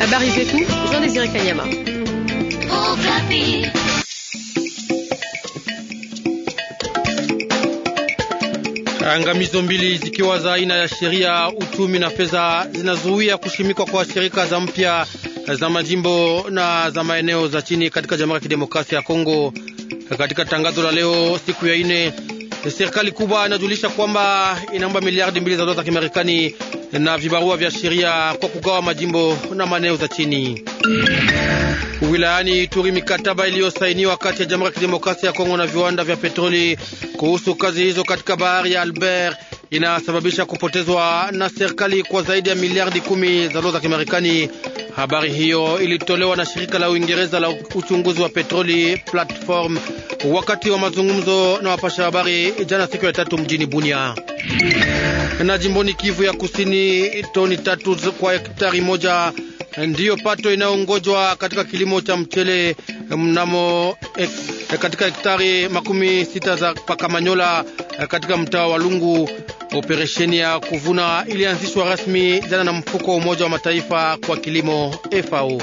Habari zetu Jean Désiré Kanyama. Angamizo mbili zikiwa za aina ya sheria uchumi na fedha zinazuia kushimikwa kwa shirika za mpya za majimbo na za maeneo za chini katika Jamhuri ya Kidemokrasia ya Kongo. Katika tangazo la leo siku ya ine, serikali kubwa inajulisha kwamba inaomba miliardi mbili za dola za Kimarekani na vibarua vya sheria kwa kugawa majimbo na maeneo za chini. Wilayani Ituri, mikataba iliyosainiwa kati ya Jamhuri ya Kidemokrasia ya Kongo na viwanda vya petroli kuhusu kazi hizo katika bahari ya Albert inasababisha kupotezwa na serikali kwa zaidi ya miliardi kumi za dola za Kimarekani. Habari hiyo ilitolewa na shirika la Uingereza la uchunguzi wa petroli Platform wakati wa mazungumzo na wapasha habari jana siku ya tatu mjini Bunia. Na jimboni Kivu ya Kusini, toni tatu kwa hektari moja ndiyo pato inayongojwa katika kilimo cha mchele mnamo katika hektari makumi sita za Pakamanyola katika mtaa wa Lungu. Operesheni ya kuvuna ilianzishwa rasmi jana na mfuko wa Umoja wa Mataifa kwa kilimo FAO.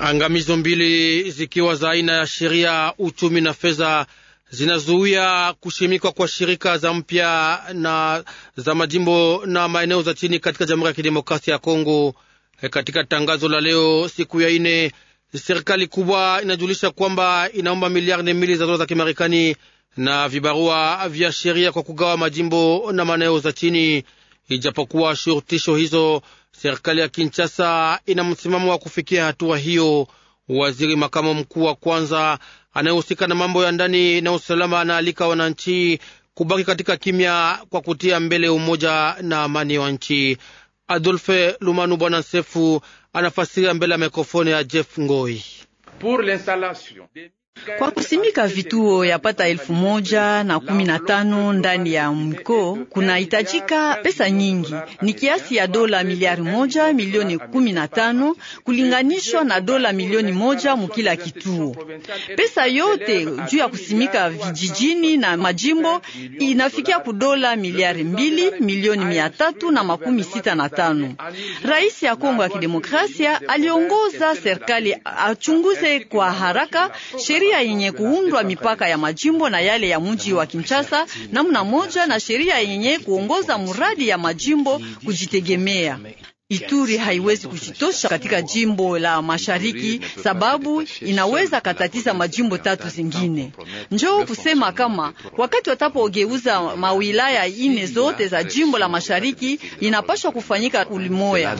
Angamizo mbili zikiwa za aina ya sheria, uchumi na fedha zinazuia kushimikwa kwa shirika za mpya na za majimbo na maeneo za chini katika Jamhuri ya Kidemokrasia ya Kongo. E, katika tangazo la leo siku ya ine, serikali kubwa inajulisha kwamba inaomba miliardi mbili za dola za Kimarekani na vibarua vya sheria kwa kugawa majimbo na maeneo za chini. Ijapokuwa shurutisho hizo, serikali ya Kinshasa ina msimamo wa kufikia hatua hiyo. Waziri makamu mkuu wa kwanza anayehusika na mambo ya ndani na usalama anaalika wananchi kubaki katika kimya kwa kutia mbele umoja na amani wa nchi. Adolfe Lumanu Bwana Sefu anafasiria mbele ya mikrofoni ya Jeff Ngoi. Pour l'installation kwa kusimika vituo yapata elfu moja na kumi na tano ndani ya mko kunahitajika pesa nyingi, ni kiasi ya dola miliari moja milioni kumi na tano kulinganishwa na dola milioni moja mukila kituo. Pesa yote juu ya kusimika vijijini na majimbo inafikia kudola miliari mbili milioni mia tatu na makumi sita na tano. Rais ya Kongo ya Kidemokrasia aliongoza serikali achunguze kwa haraka shirika sheria yenye kuundwa mipaka ya majimbo na yale ya mji wa Kinshasa namna moja na sheria yenye kuongoza mradi ya majimbo kujitegemea. Ituri haiwezi kujitosha katika jimbo la mashariki sababu inaweza katatiza majimbo tatu zingine. Njoo kusema kama wakati watapogeuza mawilaya ine zote za jimbo la mashariki inapaswa kufanyika ulimoya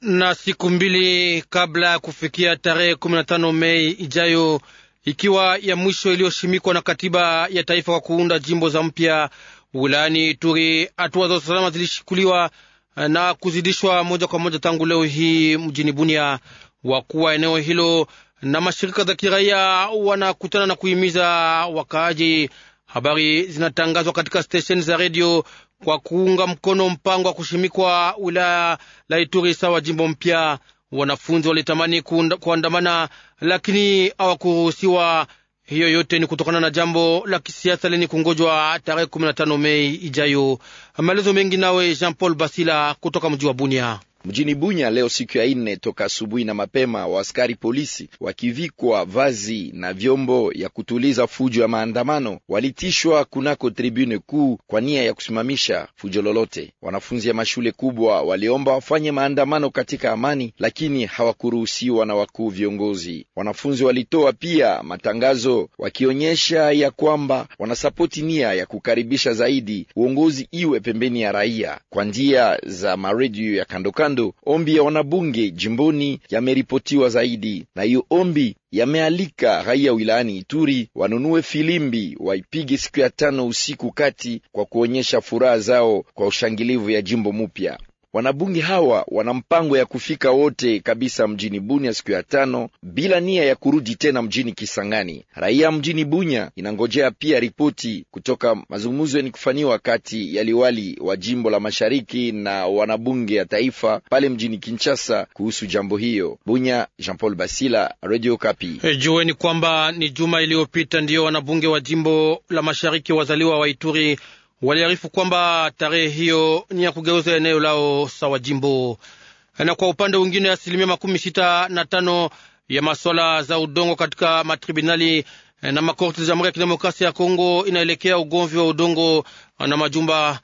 na siku mbili kabla ya kufikia tarehe 15 Mei ijayo, ikiwa ya mwisho iliyoshimikwa na katiba ya taifa kwa kuunda jimbo za mpya wilayani Ituri. Hatua za usalama zilishikuliwa eh, na kuzidishwa moja kwa moja tangu leo hii mjini Bunia. Wakuu wa eneo hilo na mashirika za kiraia wanakutana na kuhimiza wakaaji. Habari zinatangazwa katika stesheni za redio kwa kuunga mkono mpango wa kushimikwa wilaya la Ituri sawa jimbo mpya. Wanafunzi walitamani kuandamana, lakini hawakuruhusiwa. Hiyo yote ni kutokana na jambo la kisiasa lenye kungojwa tarehe 15 Mei ijayo. Maelezo mengi nawe Jean Paul Basila kutoka mji wa Bunia. Mjini Bunya leo siku ya nne toka asubuhi na mapema, waaskari polisi wakivikwa vazi na vyombo ya kutuliza fujo ya maandamano walitishwa kunako tribune kuu kwa nia ya kusimamisha fujo lolote. Wanafunzi ya mashule kubwa waliomba wafanye maandamano katika amani, lakini hawakuruhusiwa na wakuu viongozi. Wanafunzi walitoa pia matangazo wakionyesha ya kwamba wanasapoti nia ya kukaribisha zaidi uongozi iwe pembeni ya raia kwa njia za maredio ya kandokando Kando. Ombi ya wanabunge jimboni yameripotiwa zaidi, na hiyo ombi yamealika raia wilayani Ituri wanunue filimbi waipige siku ya tano usiku kati kwa kuonyesha furaha zao kwa ushangilivu ya jimbo mupya. Wanabunge hawa wana mpango ya kufika wote kabisa mjini Bunya siku ya tano bila nia ya kurudi tena mjini Kisangani. Raia mjini Bunya inangojea pia ripoti kutoka mazungumzo yani kufanyiwa kati ya liwali wa jimbo la mashariki na wanabunge ya taifa pale mjini Kinshasa kuhusu jambo hiyo. Bunya, Jean Paul Basila, Radio Kapi. Hey, eh, jueni kwamba ni juma iliyopita ndiyo wanabunge wa jimbo la mashariki wazaliwa wa Ituri waliarifu kwamba tarehe hiyo ni ya kugeuza eneo lao sawa jimbo, na kwa upande mwingine asilimia makumi sita na tano ya maswala za udongo katika matribunali eh, na makorti za Jamhuri ya Kidemokrasia ya Kongo inaelekea ugomvi wa udongo na majumba.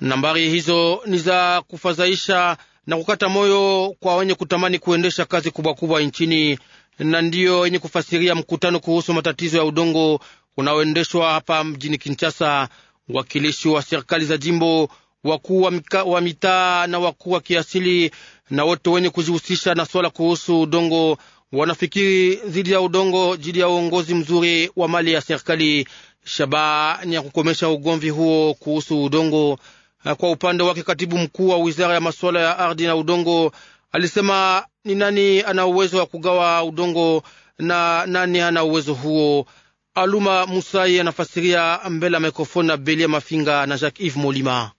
Nambari hizo ni za kufadhaisha na kukata moyo kwa wenye kutamani kuendesha kazi kubwa kubwa nchini, na ndiyo yenye kufasiria mkutano kuhusu matatizo ya udongo unaoendeshwa hapa mjini Kinshasa wakilishi wa serikali za jimbo, wakuu wa mitaa na wakuu wa kiasili na wote wenye kujihusisha na swala kuhusu udongo wanafikiri dhidi ya udongo dhidi ya uongozi mzuri wa mali ya serikali. Shabaha ni ya kukomesha ugomvi huo kuhusu udongo. Kwa upande wake, katibu mkuu wa wizara ya masuala ya ardhi na udongo alisema ni nani ana uwezo wa kugawa udongo na nani hana uwezo huo. Aluma Musai anafasiria mbele ya mikrofoni na Belia Mafinga na Jacques Yves Molima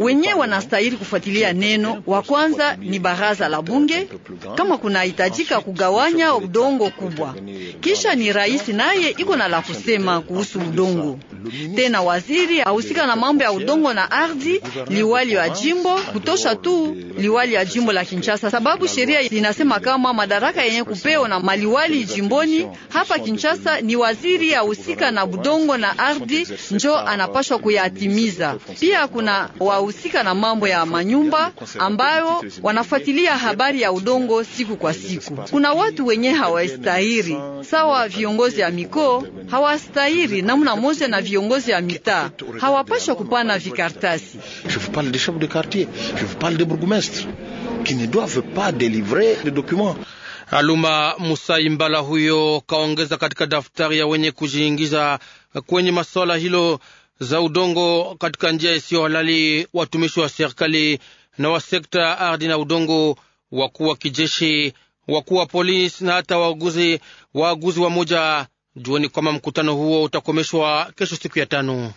wenye wanastahili kufuatilia neno. Wa kwanza ni baraza la bunge, kama kunahitajika kugawanya udongo kubwa, kisha ni rais, naye iko na la kusema kuhusu udongo. Tena waziri ahusika na mambo ya udongo na ardhi, liwali ya jimbo, kutosha tu liwali ya jimbo la Kinshasa, sababu sheria inasema kama madaraka yenye kupewa na maliwali jimboni hapa Kinshasa ni waziri ahusika na budongo na ardhi, njo anapashwa kuyatimiza. Pia kuna wahusika na mambo ya manyumba ambayo wanafuatilia habari ya udongo siku kwa siku. Kuna watu wenye hawastahiri sawa, viongozi ya mikoo hawastahiri namna moja, na viongozi ya mitaa hawapashwa kupana vikartasi. Aluma Musaimbala huyo kaongeza katika daftari ya wenye kujiingiza kwenye masuala hilo za udongo katika njia isiyo halali watumishi wa serikali na wa sekta ardhi na udongo, wakuu wa kijeshi, wakuu wa polisi na hata waaguzi waaguzi wa moja. Jueni kwamba mkutano huo utakomeshwa kesho siku ya tano.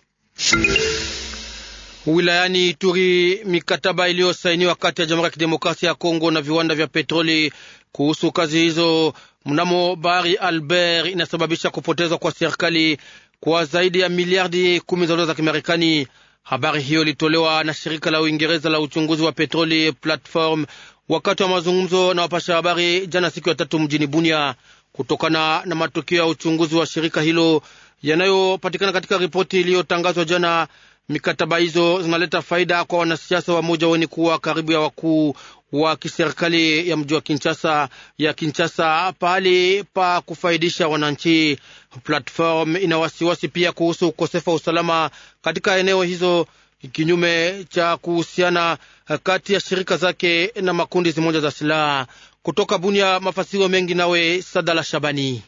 Wilayani Ituri, mikataba iliyosainiwa kati ya Jamhuri ya Kidemokrasia ya Kongo na viwanda vya petroli kuhusu kazi hizo mnamo bahari Albert inasababisha kupotezwa kwa serikali kwa zaidi ya miliardi kumi za dola za Kimarekani. Habari hiyo ilitolewa na shirika la Uingereza la uchunguzi wa petroli Platform wakati wa mazungumzo na wapasha habari jana siku ya tatu mjini Bunia, kutokana na matokeo ya uchunguzi wa shirika hilo yanayopatikana katika ripoti iliyotangazwa jana. Mikataba hizo zinaleta faida kwa wanasiasa wamoja wenye kuwa karibu ya wakuu wa kiserikali ya mji wa Kinshasa ya Kinshasa pahali pa kufaidisha wananchi. Platform ina wasiwasi pia kuhusu ukosefu wa usalama katika eneo hizo, kinyume cha kuhusiana kati ya shirika zake na makundi zimoja za silaha. Kutoka Bunia, mafasirio mengi nawe Sadala Shabani.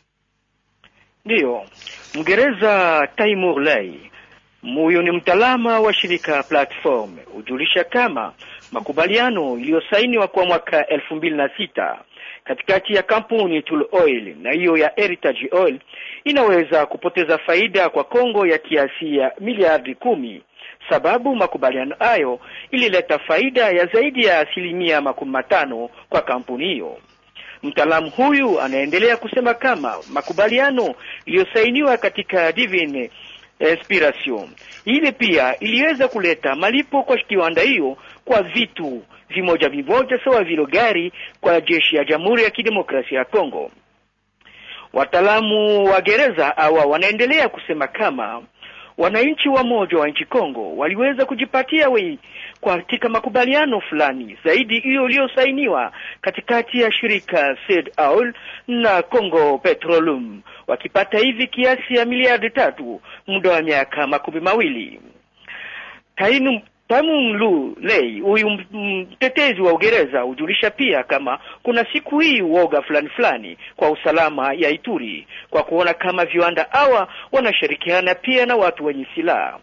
Ndiyo, Mgereza Taimur Lai, huyo ni mtalama wa shirika Platform, hujulisha kama Makubaliano iliyosainiwa kwa mwaka elfu mbili na sita katikati ya kampuni Tool Oil na hiyo ya Heritage Oil inaweza kupoteza faida kwa Kongo ya kiasi ya miliardi kumi sababu makubaliano hayo ilileta faida ya zaidi ya asilimia makumi matano kwa kampuni hiyo. Mtaalamu huyu anaendelea kusema kama makubaliano iliyosainiwa katika Divine Expiration ile pia iliweza kuleta malipo kwa kiwanda hiyo kwa vitu vimoja vimoja sawa vile gari kwa jeshi ya Jamhuri ya Kidemokrasia ya Kongo. Wataalamu wa gereza hawa wanaendelea kusema kama wananchi wa moja wa nchi Kongo waliweza kujipatia wei katika makubaliano fulani zaidi hiyo iliyosainiwa katikati ya shirika Said Aol na Congo Petroleum, wakipata hivi kiasi ya miliardi tatu muda wa miaka makumi mawili. Kainu Tamumlu Lei, huyu mtetezi wa Uingereza, hujulisha pia kama kuna siku hii uoga fulani fulani kwa usalama ya Ituri, kwa kuona kama viwanda hawa wanashirikiana pia na watu wenye silaha.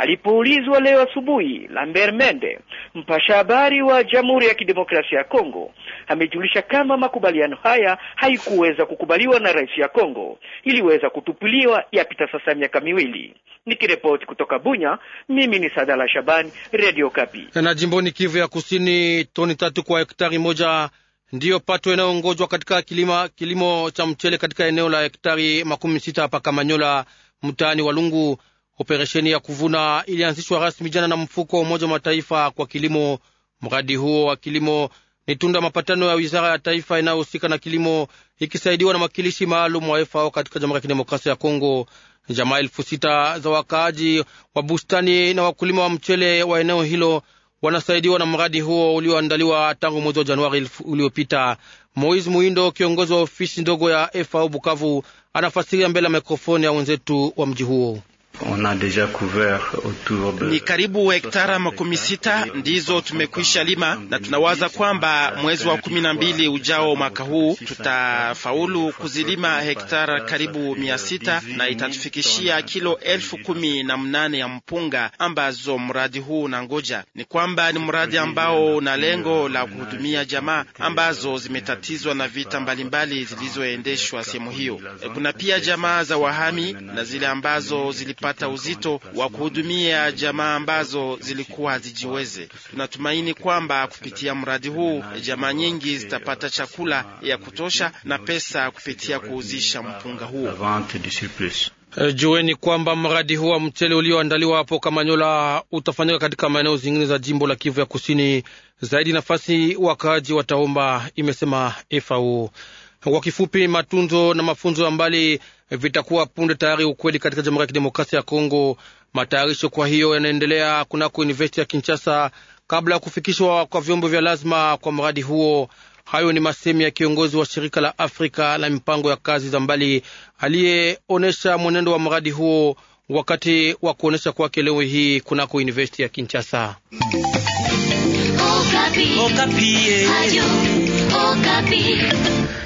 Alipoulizwa leo asubuhi, Lambert Mende, mpasha habari wa Jamhuri ya Kidemokrasia ya Kongo, amejulisha kama makubaliano haya haikuweza kukubaliwa na rais ya Kongo, iliweza kutupiliwa yapita sasa miaka miwili. Nikiripoti kutoka Bunya, mimi ni Sadala Shabani, Radio Kapi. Na jimboni Kivu ya Kusini, toni tatu kwa hektari moja ndiyo pato inayoongozwa katika kilima, kilimo cha mchele katika eneo la hektari makumi sita hapa Kamanyola, mtaani Walungu Operesheni ya kuvuna ilianzishwa rasmi jana na mfuko wa Umoja wa Mataifa kwa kilimo. Mradi huo wa kilimo ni tunda mapatano ya wizara ya taifa inayohusika na kilimo ikisaidiwa na mwakilishi maalum wa FAO katika Jamhuri ya Kidemokrasia ya Kongo. Jamaa elfu sita za wakaaji wa bustani na wakulima wa mchele wa eneo hilo wanasaidiwa na mradi huo ulioandaliwa tangu mwezi wa Januari uliopita. Moise Muindo, kiongozi wa ofisi ndogo ya FAO Bukavu, anafasiria mbele ya mikrofoni ya wenzetu wa mji huo. On a deja couvert autour de... ni karibu hektara makumi sita ndizo tumekwisha lima na tunawaza kwamba mwezi wa kumi na mbili ujao mwaka huu tutafaulu kuzilima hektara karibu mia sita na itatufikishia kilo elfu kumi na mnane ya mpunga ambazo mradi huu na ngoja ni kwamba ni mradi ambao una lengo la kuhudumia jamaa ambazo zimetatizwa na vita mbalimbali zilizoendeshwa sehemu hiyo. Kuna pia jamaa za wahami na zile ambazo zili kupata uzito wa kuhudumia jamaa ambazo zilikuwa hazijiweze. Tunatumaini kwamba kupitia mradi huu jamaa nyingi zitapata chakula ya kutosha na pesa kupitia kuuzisha mpunga huo. Eh, jueni kwamba mradi huu wa mchele ulioandaliwa hapo Kamanyola utafanyika katika maeneo zingine za jimbo la Kivu ya Kusini. Zaidi nafasi wakaaji wataomba, imesema FAO. Kwa kifupi, matunzo na mafunzo ya mbali vitakuwa punde tayari ukweli katika Jamhuri ya Kidemokrasia ya Kongo. Matayarisho kwa hiyo yanaendelea kunako Universiti ya Kinshasa kabla ya kufikishwa kwa vyombo vya lazima kwa mradi huo. Hayo ni masemi ya kiongozi wa shirika la Afrika la mipango ya kazi za mbali aliyeonyesha mwenendo wa mradi huo wakati wa kuonyesha kwake leo hii kunako Universiti ya Kinshasa. Okapi. Okapi. Eh.